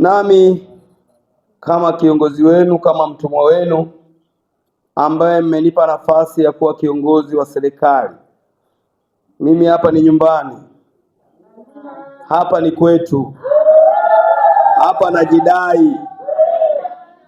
Nami kama kiongozi wenu, kama mtumwa wenu ambaye mmenipa nafasi ya kuwa kiongozi wa serikali, mimi hapa ni nyumbani, hapa ni kwetu, hapa najidai,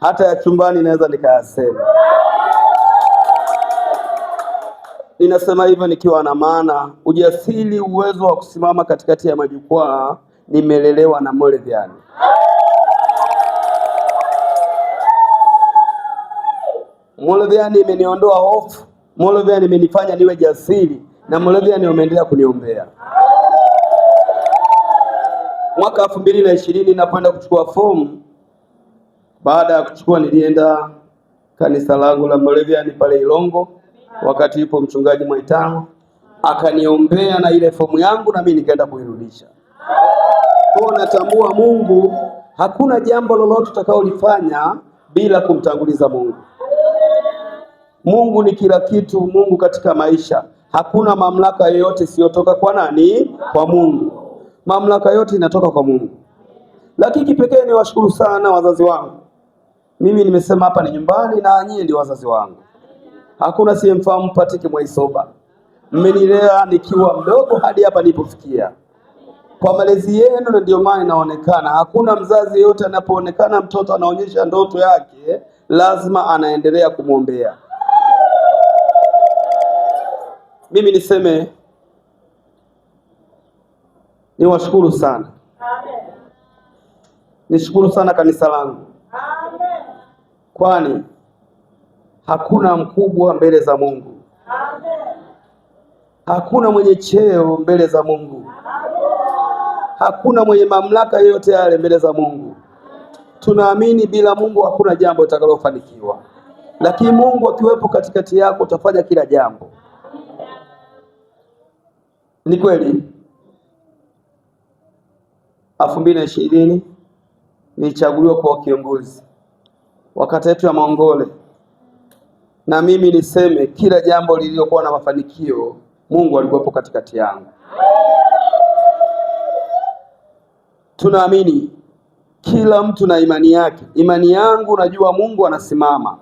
hata ya chumbani naweza nikayasema. Ninasema hivyo nikiwa na maana ujasiri, uwezo wa kusimama katikati ya majukwaa. Nimelelewa na Moravian. Moravian imeniondoa hofu, Moravian imenifanya niwe jasiri na Moravian umeendelea kuniombea. Mwaka elfu mbili na ishirini napoenda kuchukua fomu, baada ya kuchukua nilienda kanisa langu la Moravian pale Ilongo, wakati ipo mchungaji Mwaitano akaniombea na ile fomu yangu, na mimi nikaenda kuirudisha. Kwa natambua Mungu, hakuna jambo lolote utakaolifanya bila kumtanguliza Mungu. Mungu ni kila kitu. Mungu katika maisha hakuna mamlaka yoyote isiyotoka kwa nani? Kwa Mungu. Mamlaka yote inatoka kwa Mungu. Lakini kipekee ni washukuru sana wazazi wangu. Mimi nimesema hapa ni nyumbani na nyinyi ndio wazazi wangu. Hakuna siyemfahamu Patiki Mwaisoba. Mmenilea nikiwa mdogo hadi hapa nilipofikia kwa malezi yenu, na ndio maana inaonekana hakuna mzazi yeyote anapoonekana mtoto anaonyesha ndoto yake, lazima anaendelea kumwombea mimi niseme niwashukuru sana Amen. Nishukuru sana kanisa langu Amen. Kwani hakuna mkubwa mbele za Mungu Amen. Hakuna mwenye cheo mbele za Mungu Amen. Hakuna mwenye mamlaka yoyote yale mbele za Mungu. Tunaamini bila Mungu hakuna jambo litakalofanikiwa, lakini Mungu akiwepo katikati yako utafanya kila jambo. Ni kweli elfu mbili na ishirini nilichaguliwa kuwa kiongozi wa kata yetu ya Maongole, na mimi niseme kila jambo lililokuwa na mafanikio Mungu alikuwepo katikati yangu. Tunaamini kila mtu na imani yake. Imani yangu najua Mungu anasimama.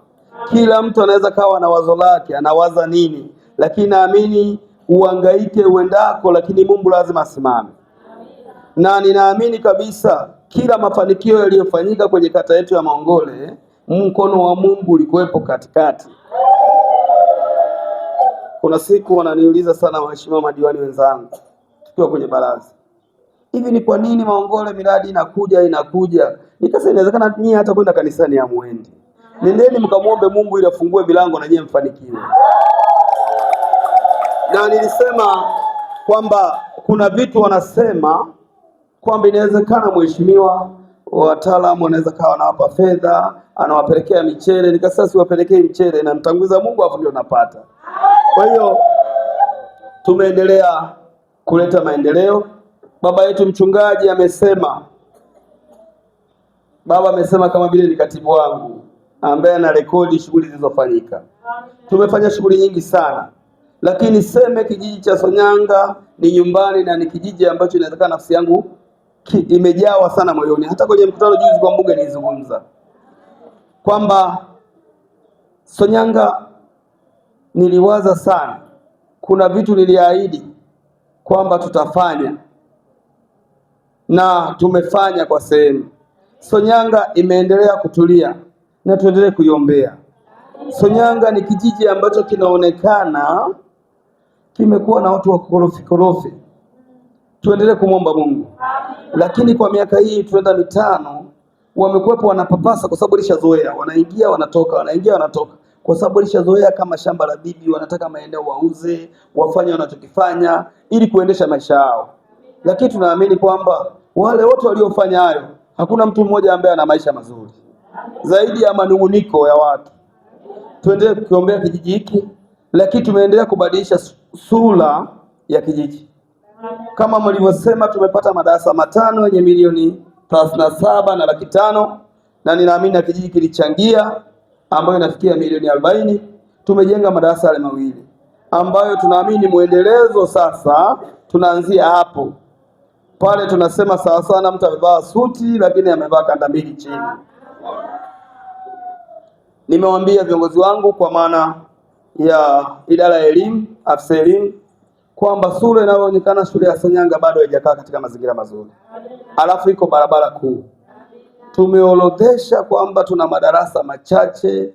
Kila mtu anaweza kawa na wazo lake, anawaza nini, lakini naamini uhangaike uendako, lakini Mungu lazima asimame. Na ninaamini kabisa kila mafanikio yaliyofanyika kwenye kata yetu ya Maongole, mkono wa Mungu ulikuwepo katikati. Kuna siku wananiuliza sana waheshimiwa madiwani wenzangu, tukiwa kwenye baraza, hivi ni kwa nini Maongole miradi inakuja inakuja? Nikasema inawezekana nyie hata kwenda kanisani hamwendi. Nendeni mkamwombe Mungu ili afungue vilango na nyie mfanikiwe na nilisema kwamba kuna vitu wanasema kwamba inawezekana mheshimiwa, wataalamu wanaweza kawa anawapa fedha, anawapelekea michele. Nikasema siwapelekei michele namtanguliza Mungu, afu ndio napata. Kwa hiyo tumeendelea kuleta maendeleo. Baba yetu mchungaji amesema, baba amesema kama vile ni katibu wangu ambaye ana rekodi shughuli zilizofanyika. Tumefanya shughuli nyingi sana lakini Seme, kijiji cha Sonyanga ni nyumbani na ni kijiji ambacho inawezekana nafsi yangu imejawa sana moyoni. Hata kwenye mkutano juzi kwa mbuga nilizungumza kwamba Sonyanga niliwaza sana, kuna vitu niliahidi kwamba tutafanya na tumefanya kwa sehemu. Sonyanga imeendelea kutulia na tuendelee kuiombea. Sonyanga ni kijiji ambacho kinaonekana kimekuwa na watu wa korofi korofi. Tuendelee kumwomba Mungu, lakini kwa miaka hii tunaenda mitano, wamekuwepo wanapapasa, kwa sababu lishazoea, wanaingia wanatoka, wanaingia wanatoka, kwa sababu lishazoea kama shamba la bibi. Wanataka maeneo wauze, wafanye wanachokifanya ili kuendesha maisha yao, lakini tunaamini kwamba wale wote waliofanya hayo, hakuna mtu mmoja ambaye ana maisha mazuri zaidi ya manunguniko ya watu. Tuendelee kukiombea kijiji hiki lakini tumeendelea kubadilisha sura ya kijiji. Kama mlivyosema, tumepata madarasa matano yenye milioni thelathini na saba na laki tano na ninaamini na kijiji kilichangia, ambayo inafikia milioni arobaini. Tumejenga madarasa yale mawili ambayo tunaamini mwendelezo sasa, tunaanzia hapo pale. Tunasema sawa sana, mtu amevaa suti lakini amevaa kanda mbili chini. Nimewambia viongozi wangu kwa maana ya idara ya elimu, afisa elimu kwamba sura inayoonekana shule ya Sanyanga bado haijakaa katika mazingira mazuri, alafu iko barabara kuu. Tumeorodhesha kwamba tuna madarasa machache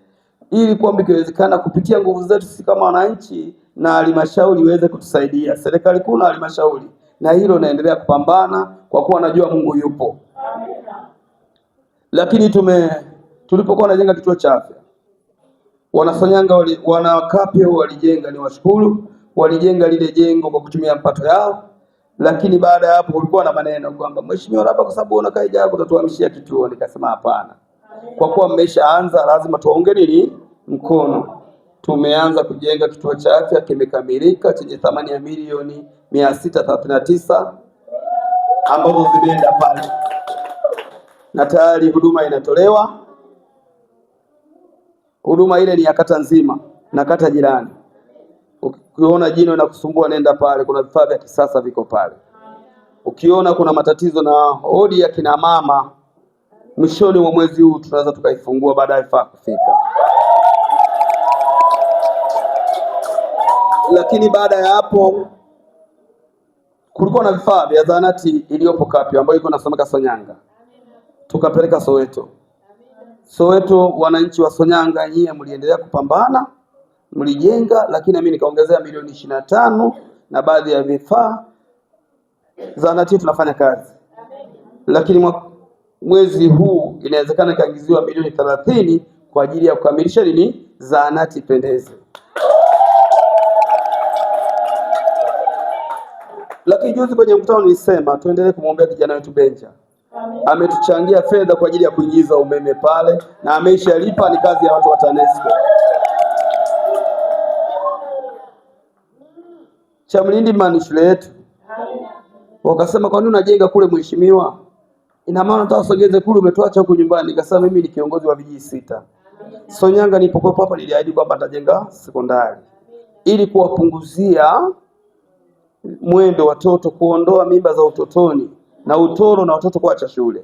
ili kwamba ikiwezekana kupitia nguvu zetu sisi kama wananchi na halmashauri iweze kutusaidia serikali kuu na halmashauri, na hilo naendelea kupambana kwa kuwa najua Mungu yupo. Lakini tume tulipokuwa tunajenga kituo cha afya wanafanyanga wali, wanakape walijenga, ni washukuru, walijenga lile jengo kwa kutumia mapato yao, lakini baada ya hapo kulikuwa na maneno kwamba mheshimiwa, labda kwa sababu una kaida yako tutahamishia kituo. Nikasema hapana, kwa kuwa mmeshaanza lazima tuwaunge nini mkono. Tumeanza kujenga kituo cha afya, kimekamilika chenye thamani ya milioni mia sita thelathini na tisa ambazo zimeenda pale na tayari huduma inatolewa huduma ile ni ya kata nzima na kata jirani. Ukiona jino inakusumbua nenda pale, kuna vifaa vya kisasa viko pale. Ukiona kuna matatizo na hodi ya kina mama, mwishoni mwa mwezi huu tunaweza tukaifungua baada ya vifaa kufika. Lakini baada ya hapo kulikuwa na vifaa vya zahanati iliyopo Kapi ambayo iko nasomeka Sonyanga, tukapeleka Soweto So wetu wananchi wa Sonyanga, nyie mliendelea kupambana, mlijenga, lakini nami nikaongezea milioni ishirini na tano na baadhi ya vifaa. Zahanati tunafanya kazi, lakini mwezi huu inawezekana ikaingiziwa milioni thelathini kwa ajili ya kukamilisha nini, zahanati pendeze. Lakini juzi kwenye mkutano nilisema tuendelee kumwombea kijana wetu Benja ametuchangia fedha kwa ajili ya kuingiza umeme pale na ameishalipa, ni kazi ya watu wa TANESCO. Chamlindima ni shule yetu, wakasema kwa nini unajenga kule mheshimiwa? Ina maana nataka usogeze kule, umetoacha huku nyumbani. Nikasema mimi ni kiongozi wa vijiji sita Sonyanga Nilipokuwa hapa niliahidi kwamba nitajenga sekondari ili kuwapunguzia mwendo watoto, kuondoa mimba za utotoni na utoro na watoto kuacha shule.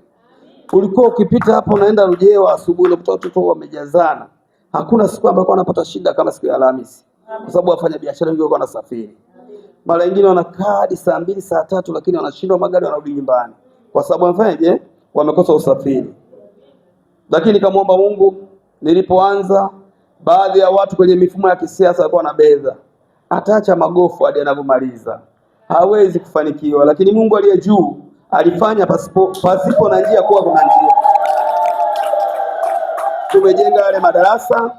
Ulikuwa ukipita hapo unaenda Rujewa asubuhi unakuta watoto wamejazana. Hakuna siku ambayo wanapata shida kama siku ya Alhamisi, kwa sababu wafanya biashara wengi walikuwa wanasafiri. Mara nyingine wanakaa hadi saa mbili saa tatu, lakini wanashindwa magari, wanarudi nyumbani kwa sababu wamefanyaje? Wamekosa usafiri. Lakini nikamwomba Mungu, nilipoanza baadhi ya watu kwenye mifumo ya kisiasa walikuwa na bedha, ataacha magofu hadi anavyomaliza, hawezi kufanikiwa. Lakini Mungu aliye juu alifanya pasipo, pasipo na njia kuwa kuna njia. Tumejenga yale madarasa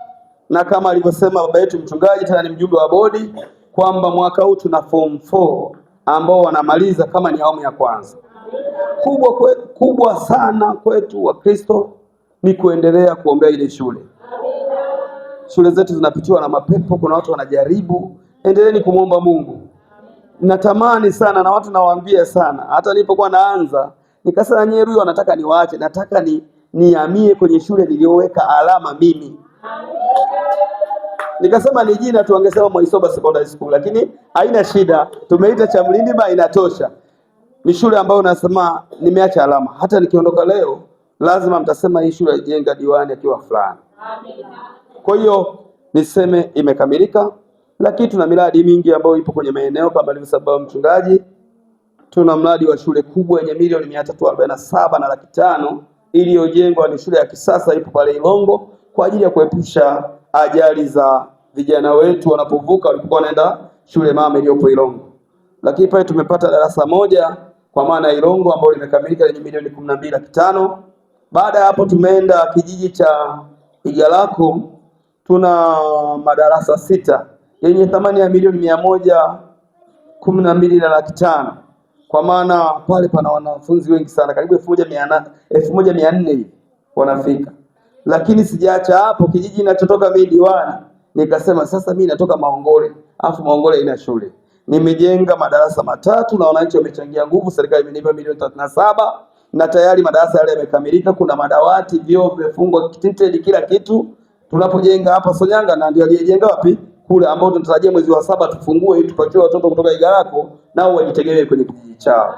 na kama alivyosema baba yetu mchungaji, tena ni mjumbe wa bodi kwamba mwaka huu tuna form 4 ambao wanamaliza kama ni awamu ya kwanza. Kubwa, kwe, kubwa sana kwetu Wakristo ni kuendelea kuombea ile shule. Shule zetu zinapitiwa na mapepo, kuna watu wanajaribu. Endeleeni kumwomba Mungu natamani sana na watu nawaambia sana, hata nilipokuwa naanza nikasema nyewe, huyu anataka niwaache, nataka ni niamie kwenye shule niliyoweka alama mimi. Nikasema ni jina tu, angesema Mwaisoba Secondary School, lakini haina shida, tumeita cha Mlindiba inatosha. Ni shule ambayo nasema nimeacha alama, hata nikiondoka leo lazima mtasema hii shule ijenga diwani akiwa fulani. Kwa hiyo niseme imekamilika. Lakini tuna miradi mingi ambayo ipo kwenye maeneo kama alivyosema mchungaji. Tuna mradi wa shule kubwa yenye milioni mia tatu arobaini na saba na laki tano iliyojengwa, ni shule ya kisasa, ipo pale Ilongo kwa ajili ya kuepusha ajali za vijana wetu wanapovuka walipokuwa wanaenda shule mama iliyopo Ilongo. Lakini pale tumepata darasa moja kwa maana ya Ilongo ambayo limekamilika lenye milioni kumi na mbili laki tano. Baada ya hapo tumeenda kijiji cha Igalako, tuna madarasa sita yenye thamani ya milioni mia moja kumi na mbili na laki tano kwa maana pale pana wanafunzi wengi sana, karibu elfu moja mia nne wanafika. Lakini sijaacha hapo, kijiji inachotoka mimi diwani, nikasema sasa mimi natoka Maongole, afu Maongole ina shule. Nimejenga madarasa matatu na wananchi wamechangia nguvu, serikali imenipa milioni thelathini na saba na tayari madarasa yale yamekamilika. Kuna madawati, vyoo vimefungwa tinted, kila kitu. Tunapojenga hapa Sonyanga, na ndio aliyejenga wapi kule ambao tunatarajia mwezi wa saba tufungue ili tupatie watoto kutoka Igalako nao wajitegemee kwenye kijiji chao.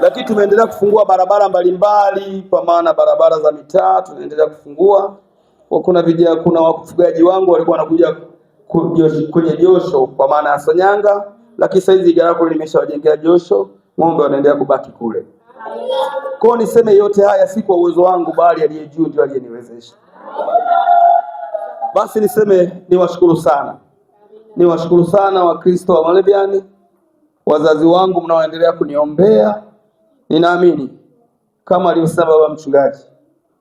Lakini tumeendelea kufungua barabara mbalimbali, kwa maana barabara za mitaa tunaendelea kufungua. Kuna vijana, kuna wafugaji wangu walikuwa wanakuja kwenye josho kwa maana ya Sonyanga, lakini sasa hizi Igalako limeshawajengea josho, ng'ombe wanaendelea kubaki kule. Kwa niseme yote haya si kwa uwezo wangu, bali aliye juu ndio aliyeniwezesha. Basi niseme niwashukuru sana, niwashukuru sana Wakristo wa Moravian, wazazi wangu mnaoendelea kuniombea. Ninaamini kama alivyosema baba mchungaji,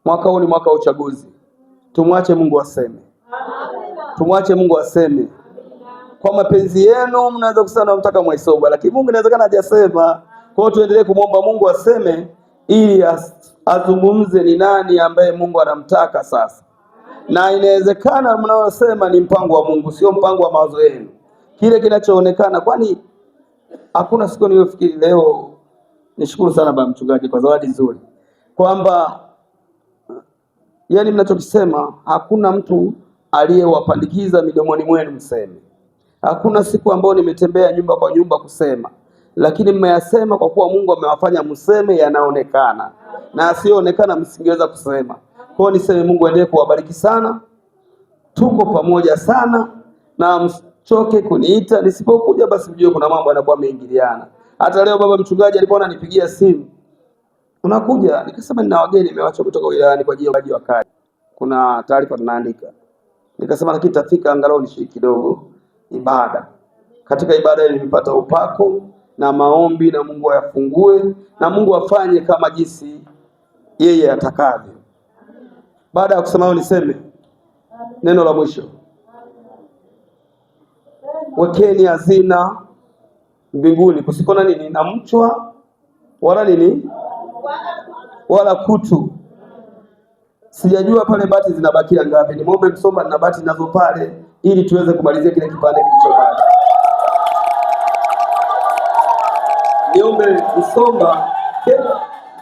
mwaka huu ni mwaka wa uchaguzi. Tumwache Mungu aseme, tumwache Mungu aseme. Kwa mapenzi yenu mnaweza kusema mtaka Mwaisoba, lakini Mungu inawezekana hajasema. Kwa hiyo tuendelee kumwomba Mungu aseme, ili azungumze ni nani ambaye Mungu anamtaka sasa na inawezekana mnayosema ni mpango wa Mungu, sio mpango wa mawazo yenu, kile kinachoonekana. Kwani hakuna siku niliyofikiri leo. Nishukuru sana baba mchungaji kwa zawadi nzuri, kwamba yani mnachokisema hakuna mtu aliyewapandikiza midomoni mwenu mseme. Hakuna siku ambayo nimetembea nyumba kwa nyumba kusema, lakini mmeyasema kwa kuwa Mungu amewafanya mseme, yanaonekana na asiyoonekana msingeweza kusema. Kwa hiyo niseme Mungu aendelee kuwabariki sana, tuko pamoja sana na msichoke kuniita, nisipokuja basi mjue kuna mambo yanakuwa yameingiliana. Hata leo baba mchungaji alikuwa ananipigia simu, unakuja? Nikasema nina wageni nimewacha kutoka wilayani kwa ajili ya maji wakali, kuna taarifa tunaandika. Nikasema lakini tafika angalau nishiriki kidogo ibada. Katika ibada hii nimepata upako na maombi, na Mungu ayafungue na Mungu afanye kama jinsi yeye atakavyo. Baada ya kusema hayo, niseme neno la mwisho: wekeni hazina mbinguni kusiko na nini na mchwa wala nini wala kutu. Sijajua pale bati zinabakia ngapi, ni mombe msomba na bati nazo pale, ili tuweze kumalizia kile kipande kilichobaki. Niombe msomba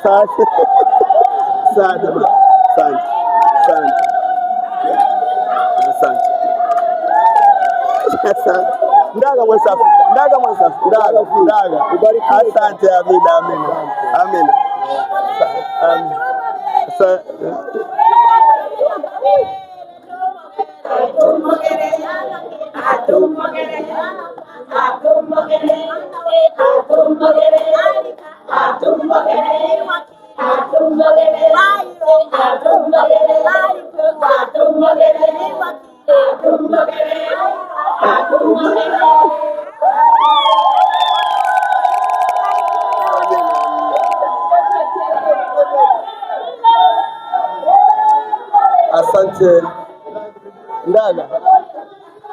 Asante sana baba, asante asante asante. Ndaga mwensafu, ndaga mwensafu, ndaga ndaga, asante. Amina, amina, amina.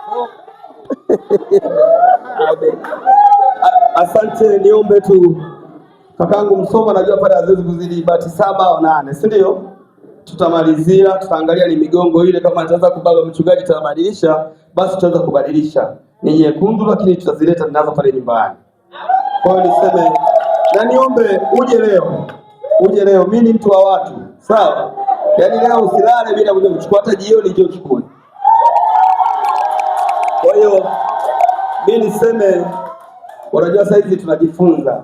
Asante, niombe tu kakangu Msoma, najua pale haziwezi kuzidi bati saba au nane, si ndio? Tutamalizia, tutaangalia ni migongo ile, kama nitaweza kubaga mchungaji tutabadilisha, basi tutaweza kubadilisha ni nyekundu, lakini tutazileta ninazo pale nyumbani. Kwa hiyo niseme na niombe uje leo, uje leo. Mimi ni mtu wa watu, sawa? Yaani leo usilale bila kuja kuchukua, hata jioni je, uchukue hiyo mi niseme, unajua saizi tunajifunza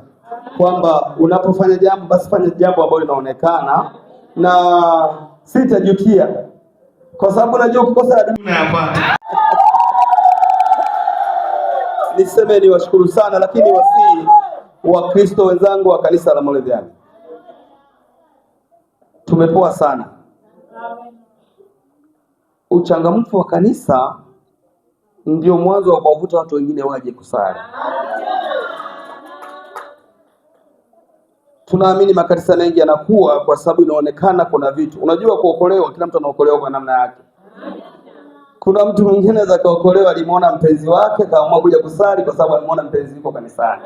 kwamba unapofanya jambo basi fanya jambo ambalo linaonekana na sitajutia, kwa sababu najua kukosa niseme niwashukuru sana, lakini wasii Wakristo wenzangu wa kanisa la Moravian tumepoa sana. Uchangamfu wa kanisa ndio mwanzo wa kuwavuta watu wengine waje kusali. Tunaamini makanisa mengi yanakuwa kwa sababu inaonekana kuna vitu. Unajua, kuokolewa, kila mtu anaokolewa kwa namna yake. Kuna mtu mwingine za kaokolewa, alimuona mpenzi wake kaamua kuja kusali kwa sababu alimuona mpenzi yuko kanisani.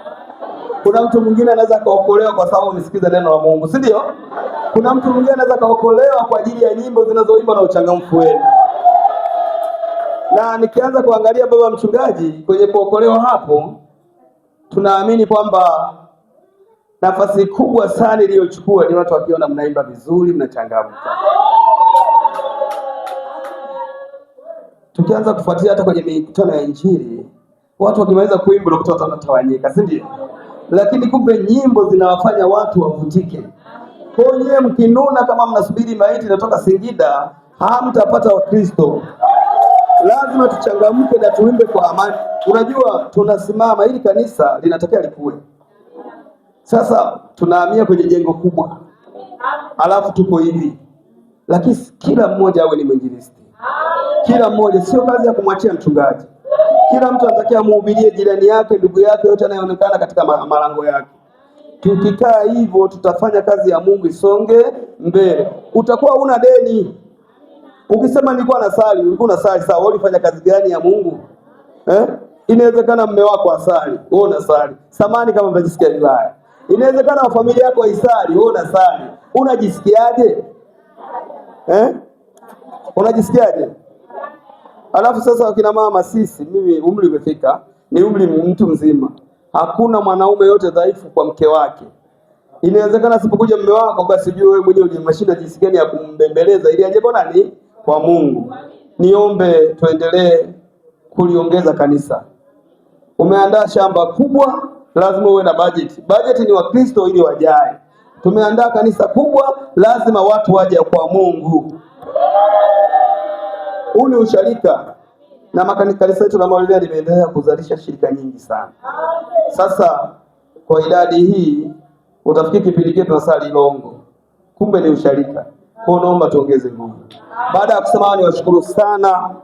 Kuna mtu mwingine anaweza kaokolewa kwa sababu amesikiza neno la Mungu, si ndio? Kuna mtu mwingine anaweza kaokolewa kwa ajili ya nyimbo zinazoimba na uchangamfu wenu na nikianza kuangalia baba mchungaji kwenye kuokolewa hapo, tunaamini kwamba nafasi kubwa sana iliyochukua ni watu wakiona mnaimba vizuri, mnachangamka. Tukianza kufuatilia hata kwenye mikutano ya Injili, watu wakimaliza kuimba na kutoa wanatawanyika, si ndio? Lakini kumbe nyimbo zinawafanya watu wavutike. Kwa hiyo mkinuna kama mnasubiri maiti inatoka Singida, hamtapata Wakristo lazima tuchangamke na tuimbe kwa amani. Unajua, tunasimama ili kanisa linatakiwa likue. Sasa tunahamia kwenye jengo kubwa, alafu tuko hivi, lakini kila mmoja awe ni mwinjilisti, kila mmoja. Sio kazi ya kumwachia mchungaji. Kila mtu anatakiwa muhubirie jirani yake, ndugu yake, yote anayeonekana katika malango yake. Tukikaa hivyo, tutafanya kazi ya Mungu isonge mbele. Utakuwa una deni Ukisema nilikuwa nasali, ulikuwa unasali sawa, wewe ulifanya kazi gani ya Mungu? Eh? Inawezekana mume wako asali, wewe unasali. Samani kama unajisikia vibaya. Inawezekana wa familia yako isali, wewe unasali. Unajisikiaje? Eh? Unajisikiaje? Alafu sasa wakina mama sisi, mimi umri umefika, ni umri mtu mzima. Hakuna mwanaume yote dhaifu kwa mke wake. Inawezekana sipokuja mume wako, basi jua wewe mwenyewe una mashina jinsi gani ya kumbembeleza ili aje kwa nani kwa Mungu. Niombe tuendelee kuliongeza kanisa. Umeandaa shamba kubwa, lazima uwe na bajeti. Bajeti ni Wakristo ili wajae. Tumeandaa kanisa kubwa, lazima watu waje kwa Mungu. Huu ni usharika na makanisa yetu la Maulidea limeendelea kuzalisha shirika nyingi sana. Sasa kwa idadi hii utafikiri kipindi kile tunasali longo, kumbe ni usharika. Kwa naomba tuongeze nguvu. Baada ya kusema ni washukuru sana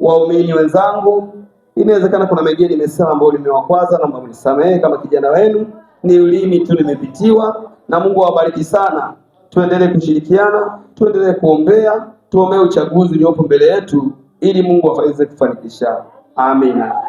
waumini wenzangu, inawezekana kuna mengine nimesema ambayo nimewakwaza, naomba mnisamehe kama kijana wenu, ni ulimi tu nimepitiwa, na Mungu awabariki sana. Tuendelee kushirikiana, tuendelee kuombea, tuombee uchaguzi uliopo mbele yetu ili Mungu aweze kufanikisha. Amina.